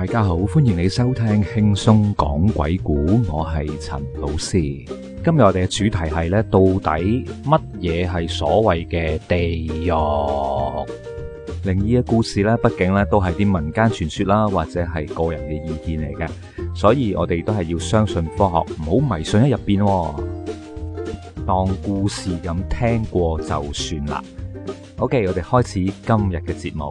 大家好，歡迎你收聽輕鬆講鬼故。我係陳老師。今日我哋嘅主題係咧，到底乜嘢係所謂嘅地獄？靈異嘅故事咧，畢竟咧都係啲民間傳說啦，或者係個人嘅意見嚟嘅，所以我哋都係要相信科學，唔好迷信喺入邊，當故事咁聽過就算啦。OK，我哋開始今日嘅節目。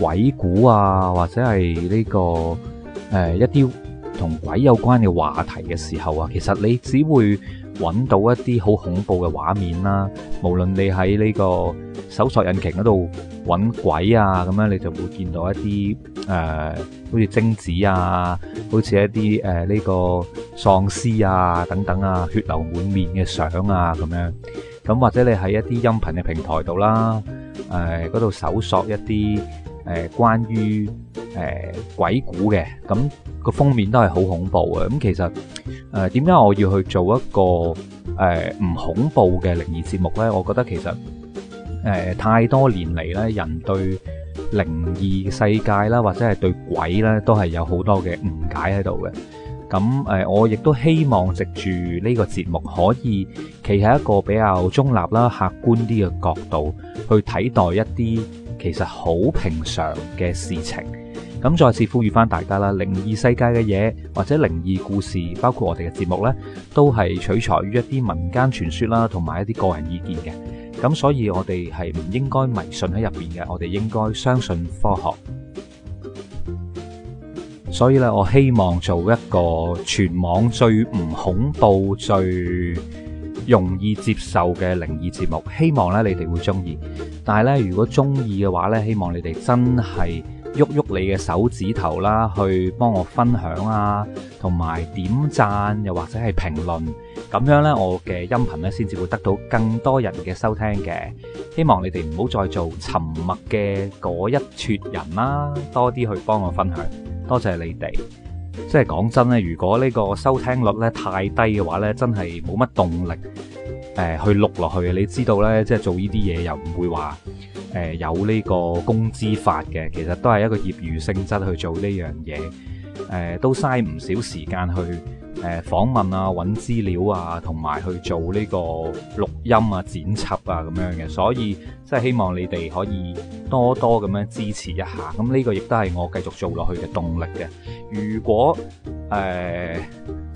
鬼故啊，或者係呢、這個誒、呃、一啲同鬼有關嘅話題嘅時候啊，其實你只會揾到一啲好恐怖嘅畫面啦。無論你喺呢個搜索引擎嗰度揾鬼啊，咁樣你就會見到一啲誒、呃，好似貞子啊，好似一啲誒呢個喪屍啊等等啊，血流滿面嘅相啊咁樣。咁或者你喺一啲音頻嘅平台度啦，誒嗰度搜索一啲。關於鬼谷的，咁，個封面都係好恐怖，咁，其實，點解我要去做一個，吾恐怖嘅零二節目呢？我覺得其實，太多年來呢，人對零二世界，或者對鬼，都係有好多嘅吾解喺度嘅。咁，我亦都希望直著呢個節目可以，其實一個比較中立、客觀啲嘅角度，去睇待一啲其實好平常嘅事情，咁再次呼籲翻大家啦，靈異世界嘅嘢或者靈異故事，包括我哋嘅節目呢，都係取材於一啲民間傳說啦，同埋一啲個人意見嘅，咁所以我哋係唔應該迷信喺入邊嘅，我哋應該相信科學。所以咧，我希望做一個全網最唔恐怖、最容易接受嘅靈異節目，希望咧你哋會中意。但係咧，如果中意嘅話咧，希望你哋真係喐喐你嘅手指頭啦，去幫我分享啊，同埋點讚又或者係評論，咁樣呢，我嘅音頻咧先至會得到更多人嘅收聽嘅。希望你哋唔好再做沉默嘅嗰一撮人啦，多啲去幫我分享。多謝你哋。即係講真咧，如果呢個收聽率咧太低嘅話咧，真係冇乜動力誒去錄落去嘅。你知道咧，即係做呢啲嘢又唔會話誒、呃、有呢個工資法嘅，其實都係一個業餘性質去做呢樣嘢，誒、呃、都嘥唔少時間去。誒，訪問啊，搵資料啊，同埋去做呢個錄音啊、剪輯啊咁樣嘅，所以即係希望你哋可以多多咁樣支持一下。咁呢個亦都係我繼續做落去嘅動力嘅。如果誒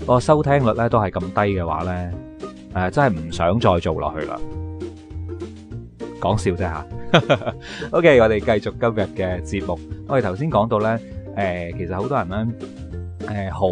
個、呃、收聽率呢都係咁低嘅話呢，誒、呃、真係唔想再做落去啦。講笑啫吓、啊。 o、okay, K，我哋繼續今日嘅節目。我哋頭先講到呢，誒、呃、其實好多人呢。誒、呃，好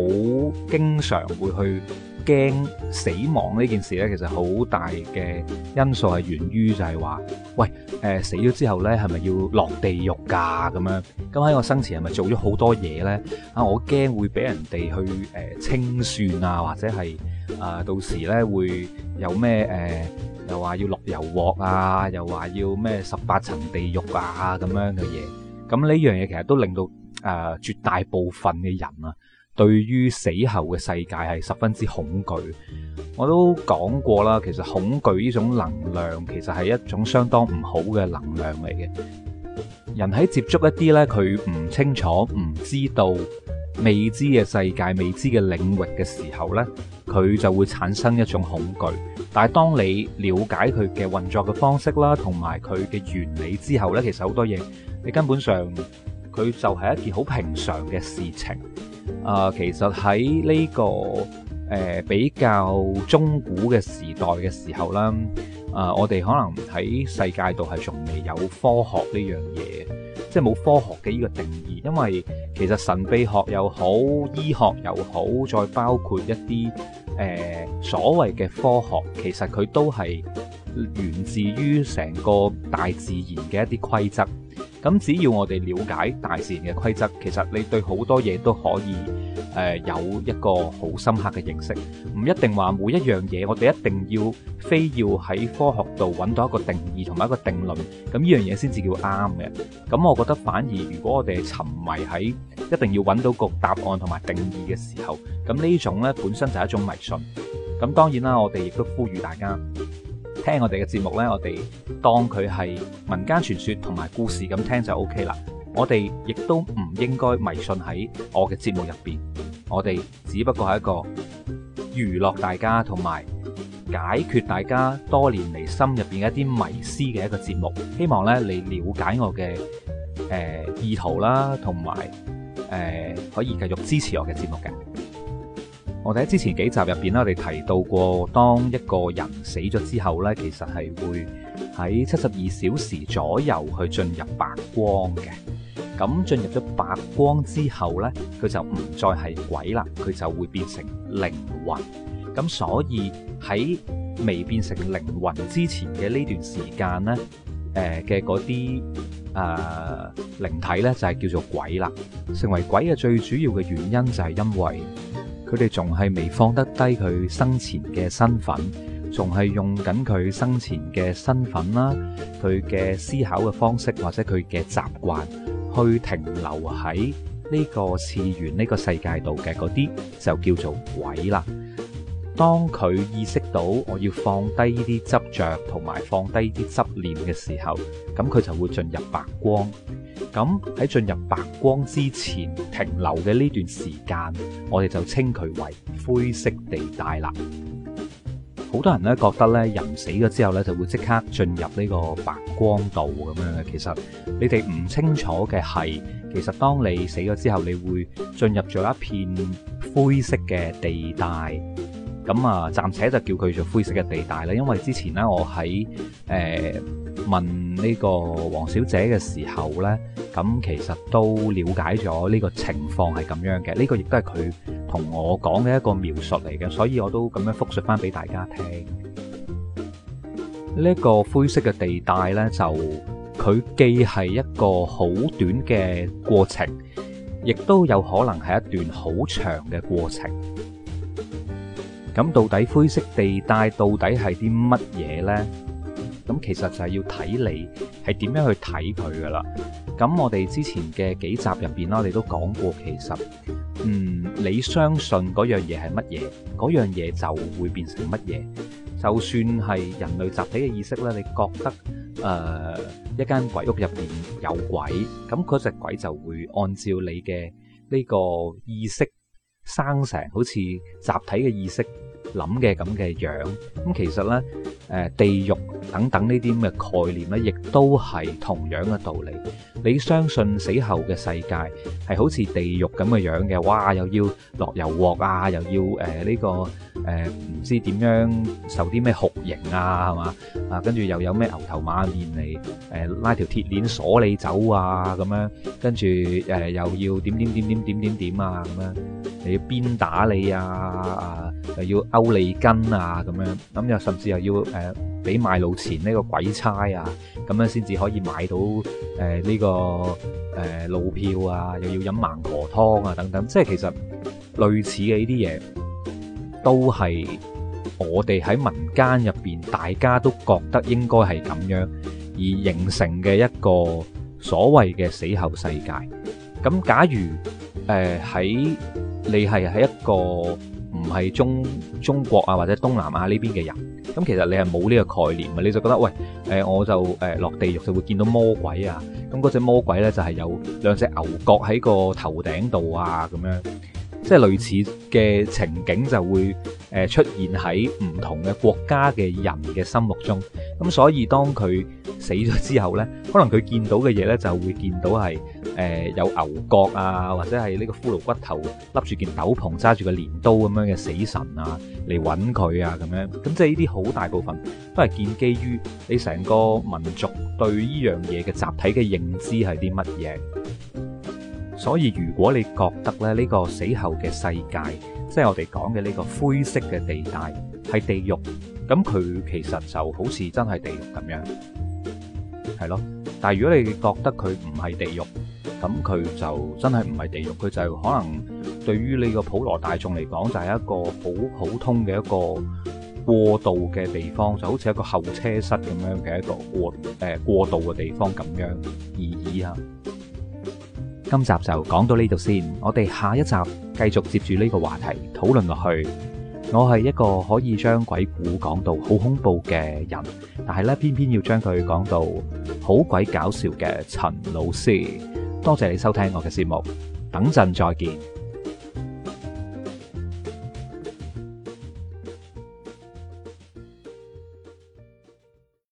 經常會去驚死亡呢件事呢，其實好大嘅因素係源於就係話，喂，誒、呃、死咗之後呢，係咪要落地獄噶咁樣？咁喺我生前係咪做咗好多嘢呢？啊，我驚會俾人哋去誒、呃、清算啊，或者係誒、呃、到時呢會有咩誒、呃，又話要落油鑊啊，又話要咩十八層地獄啊咁樣嘅嘢。咁呢樣嘢其實都令到誒、呃、絕大部分嘅人啊。對於死後嘅世界係十分之恐懼。我都講過啦，其實恐懼呢種能量其實係一種相當唔好嘅能量嚟嘅。人喺接觸一啲呢，佢唔清楚、唔知道、未知嘅世界、未知嘅領域嘅時候呢，佢就會產生一種恐懼。但係當你了解佢嘅運作嘅方式啦，同埋佢嘅原理之後呢，其實好多嘢你根本上佢就係一件好平常嘅事情。呃、其實喺呢、呢個誒、呃、比較中古嘅時代嘅時候啦、呃，我哋可能喺世界度係仲未有科學呢樣嘢，即係冇科學嘅呢個定義，因為其實神秘學又好，醫學又好，再包括一啲誒、呃、所謂嘅科學，其實佢都係源自於成個大自然嘅一啲規則。咁只要我哋了解大自然嘅規則，其實你對好多嘢，都可以誒、呃、有一個好深刻嘅認識，唔一定話每一樣嘢，我哋一定要非要喺科學度揾到一個定義同埋一個定論，咁呢樣嘢先至叫啱嘅。咁我覺得反而如果我哋沉迷喺一定要揾到個答案同埋定義嘅時候，咁呢種咧本身就係一種迷信。咁當然啦，我哋亦都呼籲大家。聽我哋嘅節目呢，我哋當佢係民間傳說同埋故事咁聽就 OK 啦。我哋亦都唔應該迷信喺我嘅節目入邊。我哋只不過係一個娛樂大家同埋解決大家多年嚟心入邊一啲迷思嘅一個節目。希望呢，你了解我嘅誒、呃、意圖啦，同埋誒可以繼續支持我嘅節目嘅。我哋喺之前幾集入邊，咧，我哋提到過，當一個人死咗之後呢，其實係會喺七十二小時左右去進入白光嘅。咁進入咗白光之後呢，佢就唔再係鬼啦，佢就會變成靈魂。咁所以喺未變成靈魂之前嘅呢段時間呢誒嘅嗰啲誒靈體呢，就係叫做鬼啦。成為鬼嘅最主要嘅原因就係因為。佢哋仲係未放得低佢生前嘅身份，仲係用緊佢生前嘅身份啦，佢嘅思考嘅方式或者佢嘅習慣，去停留喺呢個次元、呢個世界度嘅嗰啲就叫做鬼啦。當佢意識到我要放低呢啲執着同埋放低啲執念嘅時候，咁佢就會進入白光。咁喺進入白光之前停留嘅呢段時間，我哋就稱佢為灰色地帶啦。好多人呢覺得呢人死咗之後呢，就會即刻進入呢個白光度咁樣嘅。其實你哋唔清楚嘅係，其實當你死咗之後，你會進入咗一片灰色嘅地帶。咁啊，暫且就叫佢做灰色嘅地帶啦。因為之前呢，我喺誒。呃問呢個黃小姐嘅時候呢，咁其實都了解咗呢個情況係咁樣嘅，呢個亦都係佢同我講嘅一個描述嚟嘅，所以我都咁樣複述翻俾大家聽。呢個灰色嘅地帶呢，就佢既係一個好短嘅過程，亦都有可能係一段好長嘅過程。咁到底灰色地帶到底係啲乜嘢呢？咁其實就係要睇你係點樣去睇佢㗎喇。咁我哋之前嘅幾集入邊啦，我哋都講過，其實嗯，你相信嗰樣嘢係乜嘢，嗰樣嘢就會變成乜嘢。就算係人類集體嘅意識咧，你覺得誒、呃、一間鬼屋入邊有鬼，咁嗰隻鬼就會按照你嘅呢個意識生成，好似集體嘅意識。諗嘅咁嘅樣，咁其實咧，誒地獄等等呢啲咁嘅概念咧，亦都係同樣嘅道理。你相信死後嘅世界係好似地獄咁嘅樣嘅，哇！又要落油鑊啊，又要誒呢個誒唔知點樣受啲咩酷刑啊，係嘛？啊，跟住又有咩牛頭馬面嚟誒拉條鐵鏈鎖你走啊咁樣，跟住誒又要點點點點點點點啊咁樣，又要鞭打你啊啊！又要勾脷根啊咁樣，咁又甚至又要誒俾、呃、賣路錢呢個鬼差啊，咁樣先至可以買到誒呢、呃這個誒、呃、路票啊，又要飲孟婆湯啊等等，即係其實類似嘅呢啲嘢，都係我哋喺民間入邊大家都覺得應該係咁樣而形成嘅一個所謂嘅死後世界。咁假如誒喺、呃、你係喺一個。係中中國啊，或者東南亞呢邊嘅人，咁其實你係冇呢個概念啊，你就覺得喂，誒，我就誒落地獄就會見到魔鬼啊，咁嗰隻魔鬼呢，就係有兩隻牛角喺個頭頂度啊，咁樣，即係類似嘅情景就會誒出現喺唔同嘅國家嘅人嘅心目中，咁所以當佢死咗之後呢，可能佢見到嘅嘢呢，就會見到係。誒、呃，有牛角啊，或者係呢個骷髏骨頭，笠住件斗篷，揸住個鐮刀咁樣嘅死神啊，嚟揾佢啊，咁樣，咁即係呢啲好大部分都係建基於你成個民族對呢樣嘢嘅集體嘅認知係啲乜嘢？所以如果你覺得咧，呢、呢個死後嘅世界，即係我哋講嘅呢個灰色嘅地帶係地獄，咁佢其實就好似真係地獄咁樣，係咯。但係如果你覺得佢唔係地獄，咁佢就真係唔係地獄，佢就可能對於呢個普羅大眾嚟講，就係一個好普通嘅一個過渡嘅地方，就好似一個候車室咁樣嘅一個過誒、呃、過渡嘅地方咁樣而已。啊！今集就講到呢度先，我哋下一集繼續接住呢個話題討論落去。我係一個可以將鬼故講到好恐怖嘅人，但係咧偏偏要將佢講到好鬼搞笑嘅陳老師。多謝你收聽我嘅節目，等陣再見。